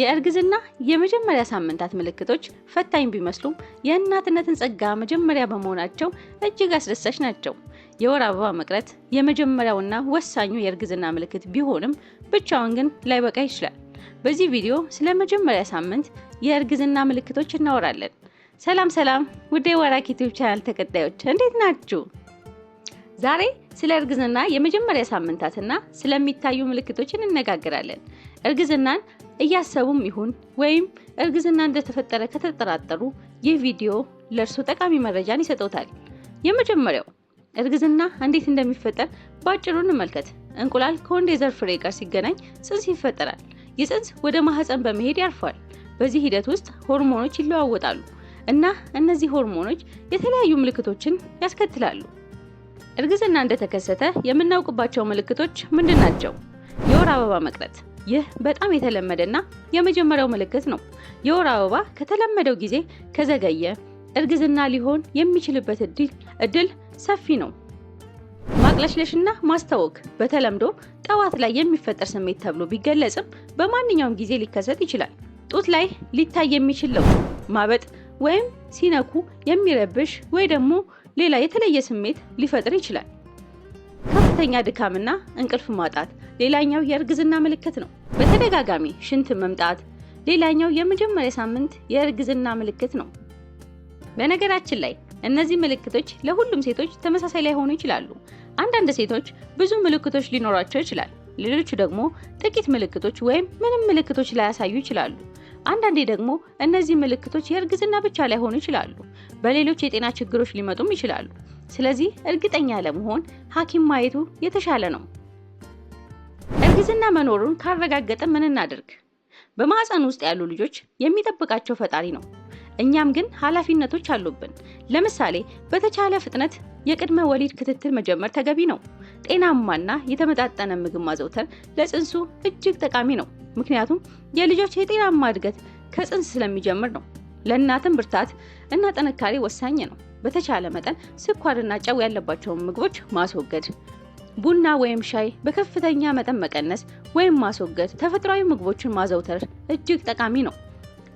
የእርግዝና የመጀመሪያ ሳምንታት ምልክቶች ፈታኝ ቢመስሉም የእናትነትን ጸጋ መጀመሪያ በመሆናቸው እጅግ አስደሳች ናቸው። የወር አበባ መቅረት የመጀመሪያውና ወሳኙ የእርግዝና ምልክት ቢሆንም ብቻውን ግን ላይበቃ ይችላል። በዚህ ቪዲዮ ስለ መጀመሪያ ሳምንት የእርግዝና ምልክቶች እናወራለን። ሰላም ሰላም፣ ውድ የወራክ ዩቲዩብ ቻናል ተከታዮች እንዴት ናችሁ? ዛሬ ስለ እርግዝና የመጀመሪያ ሳምንታትና ስለሚታዩ ምልክቶች እንነጋገራለን። እርግዝናን እያሰቡም ይሁን ወይም እርግዝና እንደተፈጠረ ከተጠራጠሩ ይህ ቪዲዮ ለእርሱ ጠቃሚ መረጃን ይሰጠውታል። የመጀመሪያው እርግዝና እንዴት እንደሚፈጠር በአጭሩ እንመልከት። እንቁላል ከወንድ የዘር ፍሬ ጋር ሲገናኝ ጽንስ ይፈጠራል። ይህ ጽንስ ወደ ማህፀን በመሄድ ያርፋል። በዚህ ሂደት ውስጥ ሆርሞኖች ይለዋወጣሉ እና እነዚህ ሆርሞኖች የተለያዩ ምልክቶችን ያስከትላሉ። እርግዝና እንደተከሰተ የምናውቅባቸው ምልክቶች ምንድን ናቸው? የወር አበባ መቅረት ይህ በጣም የተለመደና የመጀመሪያው ምልክት ነው። የወር አበባ ከተለመደው ጊዜ ከዘገየ እርግዝና ሊሆን የሚችልበት እድል ሰፊ ነው። ማቅለሽለሽና ማስታወክ በተለምዶ ጠዋት ላይ የሚፈጠር ስሜት ተብሎ ቢገለጽም በማንኛውም ጊዜ ሊከሰት ይችላል። ጡት ላይ ሊታይ የሚችል ለውጥ፣ ማበጥ ወይም ሲነኩ የሚረብሽ ወይ ደግሞ ሌላ የተለየ ስሜት ሊፈጥር ይችላል። ከፍተኛ ድካምና እንቅልፍ ማጣት ሌላኛው የእርግዝና ምልክት ነው። በተደጋጋሚ ሽንት መምጣት ሌላኛው የመጀመሪያ ሳምንት የእርግዝና ምልክት ነው። በነገራችን ላይ እነዚህ ምልክቶች ለሁሉም ሴቶች ተመሳሳይ ላይሆኑ ይችላሉ። አንዳንድ ሴቶች ብዙ ምልክቶች ሊኖሯቸው ይችላል። ሌሎቹ ደግሞ ጥቂት ምልክቶች ወይም ምንም ምልክቶች ላያሳዩ ይችላሉ። አንዳንዴ ደግሞ እነዚህ ምልክቶች የእርግዝና ብቻ ላይሆኑ ይችላሉ። በሌሎች የጤና ችግሮች ሊመጡም ይችላሉ። ስለዚህ እርግጠኛ ለመሆን ሐኪም ማየቱ የተሻለ ነው። እርግዝና መኖሩን ካረጋገጠ ምን እናደርግ? በማህፀን ውስጥ ያሉ ልጆች የሚጠብቃቸው ፈጣሪ ነው። እኛም ግን ኃላፊነቶች አሉብን። ለምሳሌ በተቻለ ፍጥነት የቅድመ ወሊድ ክትትል መጀመር ተገቢ ነው። ጤናማና የተመጣጠነ ምግብ ማዘውተር ለጽንሱ እጅግ ጠቃሚ ነው። ምክንያቱም የልጆች የጤናማ እድገት ከጽንስ ስለሚጀምር ነው። ለእናትም ብርታት እና ጥንካሬ ወሳኝ ነው። በተቻለ መጠን ስኳርና ጨው ያለባቸውን ምግቦች ማስወገድ ቡና ወይም ሻይ በከፍተኛ መጠን መቀነስ ወይም ማስወገድ፣ ተፈጥሯዊ ምግቦችን ማዘውተር እጅግ ጠቃሚ ነው።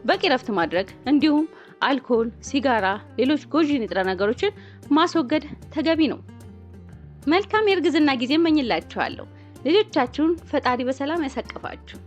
በቂ ረፍት ማድረግ እንዲሁም አልኮል፣ ሲጋራ፣ ሌሎች ጎጂ ንጥረ ነገሮችን ማስወገድ ተገቢ ነው። መልካም የእርግዝና ጊዜ እመኝላችኋለሁ። ልጆቻችሁን ፈጣሪ በሰላም ያሳቅፋችሁ።